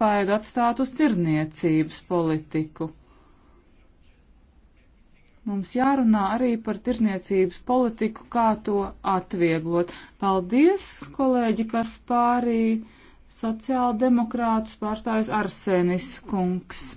vajag atstāt uz tirniecības politiku. Mums jārunā arī par tirniecības politiku, kā to atvieglot. Paldies, kolēģi, kas pārī sociāldemokrātus pārstājas Arsenis Kungs.